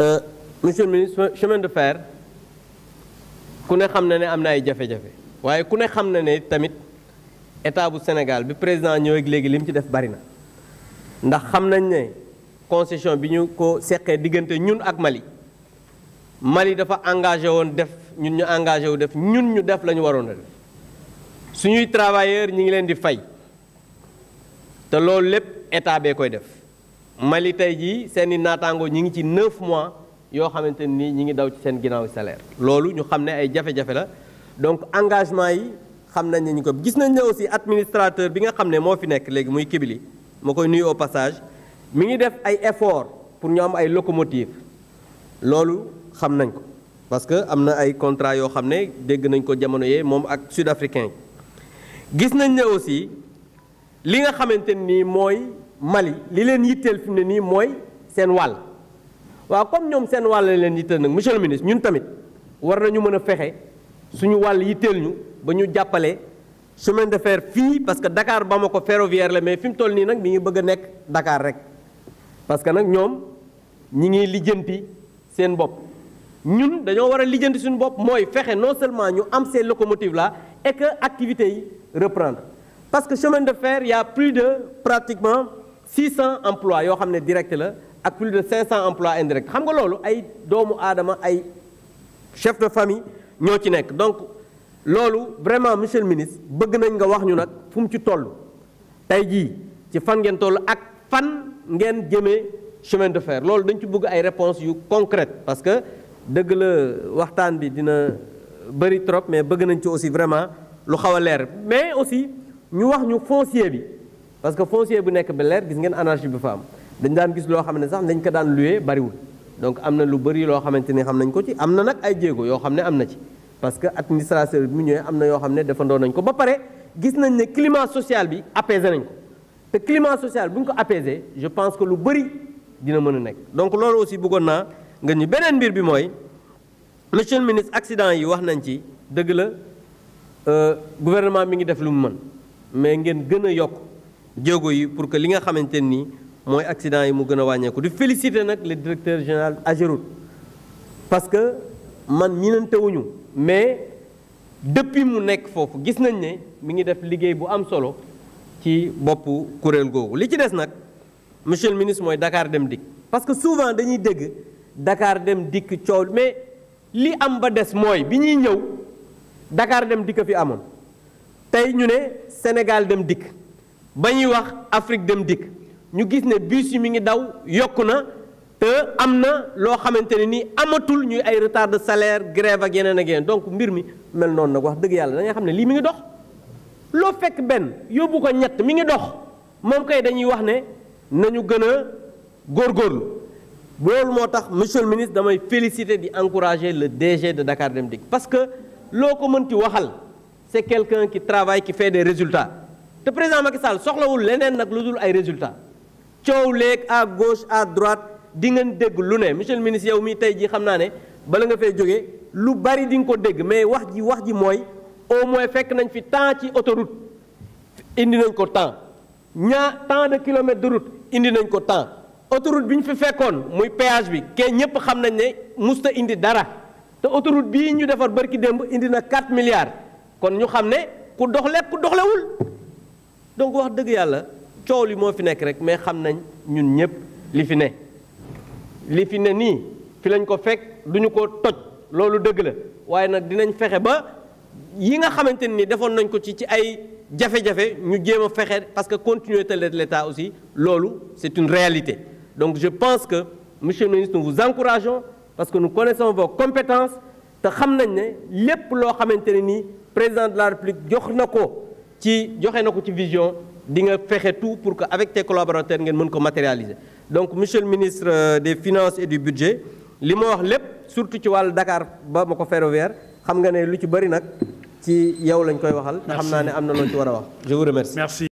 Euh, monsieur le ministre chemin de fer ku ne xam na ne am na ay jafe-jafe waaye ku ne xam na ne tamit état bu Sénégal bi président ñëweek léegi li mu ci def bari na ndax xam nañ ne concession bi ñu ko seqee diggante ñun ak Mali Mali dafa engagé woon def ñun ñu engagé wu def ñun ñu def la ñu waroon a def suñuy travailleurs ñi ngi leen di fay te loolu lépp état bee koy def Mali tey jii seen i naataangoo ñi ngi ci 9 mois yoo xamante ni ñi ngi daw ci seen ginnaaw salaire loolu ñu xam ne ay jafe-jafe la donc engagement yi xam nañ ne ko gis nañ ne aussi administrateur bi nga xam ne moo fi nekk léegi muy Kibili moo koy nuyu au passage mi ngi def ay effort pour ñu am ay locomotive loolu xam nañ ko parce que am na ay contrat yoo xam ne dégg nañ ko jamono yee moom ak sud-africain gis nañ ne aussi li nga xamante nii mooy Mali li leen yitteel fi mu ne nii mooy seen wàll waaw comme ñoom seen wàll la leen yitteel nag monsieur le ministre ñun tamit war na ñu mën a fexe suñu wàll yitteel ñu ba ñu jàppale chemin de fer fii parce que dakaar ba Dakar ko ferroviaire la mais fi toll nii nag mi ngi bëgg a nekk dakaar rek parce que nag ñoom ñi ngi lijjanti seen bopp ñun dañoo war a lijjanti suñu bopp mooy fexe non seulement ñu am ces locomotives là et que activités yi reprendre parce que chemin pratiquement 600 emplois yoo xam ne direct la ak plus de 500 emplois indirects xam nga loolu ay doomu aadama ay chef de famille ñoo ci nekk donc loolu vraiment monsieur le ministre bëgg nañ nga wax ñu nag fu mu ci toll tey jii ci fan ngeen toll ak fan ngeen jëmee chemin de fer loolu dañ ci bugg ay réponses yu concrètes parce que dëgg la waxtaan bi dina bëri trop mais bëgg nañ ci aussi vraiment lu xaw a leer mais aussi ñu wax ñu foncier bi. parce que foncier bu nekk ba leer gis ngeen anarchie bi fa am dañ daan gis loo xam ne sax ndañ ko daan loué bariwul donc am na lu bëri loo xamante ni xam nañ ko ci am na nag ay jéego yoo xam ne am na ci parce que administrateur bi mu ñëwee am na yoo xam ne defandoo nañ ko ba pare gis nañ ne climat social bi apaisé nañ ko te climat social bu ñu ko apaisé je pense que lu bëri dina mën a nekk donc loolu aussi bëggoon naa nga ñu beneen mbir bi mooy monsieur le accident yi wax nañ ci dëgg la euh, gouvernement mi ngi def lu mu mën mais ngeen gën a yokk jéego yi pour que li nga xamante ni mooy accident yi mu gën a wàññeeku di féliciter nag le directeur général Ageroute parce que man miinantewuñu mais depuis mu nekk foofu gis nañ ne mi ngi def liggéey bu am solo ci boppu kuréel googu li ci des nag monsieur le ministre mooy dakaar dem dikk parce que souvent dañuy dégg dakaar dem dikk coow mais li am ba des mooy bi ñuy ñëw Dakar dem dikk fi amoon tey ñu ne Sénégal dem dikk ba ñuy wax Afrique dem dikk ñu gis ne bus yi mi ngi daw yokk na te am na loo xamante ne nii amatul ñuy ay retard de salaire grève ak yeneen ak yeneen donc mbir mi mel noonu nag wax dëgg yàlla dangay xam ne lii mi ngi dox loo fekk benn yóbbu ko ñett mi ngi dox moom kay dañuy wax ne nañu gën a góorgóorlu loolu moo tax monsieur le ministre damay féliciter di encourager le DG de Dakar Dem Dikk parce que loo ko mënti waxal c'est quelqu'un ki travaille ki fait des résultats te président Macky Sall soxlawul leneen nag lu dul ay résultat coow léeg à gauche à droite di ngeen dégg lu ne monsieur le ministre yow mi tey jii xam naa ne bala nga fay jóge lu bari di nga ko dégg mais wax ji wax ji mooy au moins fekk nañ fi temps ci autoroute indi nañ ko temps ñaar temps de kilomètre de route indi nañ ko temps autoroute bi ñu fi fekkoon muy péage bi ke ñëpp xam nañ ne musta indi dara te autoroute bii ñu defar barki démb indi na 4 milliards kon ñu xam ne ku dox lekk ku doxlewul donc wax dëgg yàlla coow li moo fi nekk rek mais xam nañ ñun ñëpp li fi ne li fi ne nii fi lañ ko fekk duñu ko toj loolu dëgg la waaye nag dinañ fexe ba yi nga xamante ni defoon nañ ko ci ci ay jafe ñu jéem a fexe parce que continuité de l'État aussi loolu c'est une réalité donc je pense que monsieur le ministre nous vous encourageons que nous connaissons vos compétences te xam nañ ne lépp loo xamante ne nii président de la République jox na ko ci joxe na ko ci vision di nga fexe tout pour que avec tes collaborateurs ngeen mën ko matérialiser donc monsieur le ministre euh, des finances et du budget li ma wax lépp surtout ci wàllu Dakar ba ma ko ferroviaire xam nga ne lu ci bëri nag ci yow lañ koy waxal. te xam naa ne am na loo ci war a wax je vous remercie.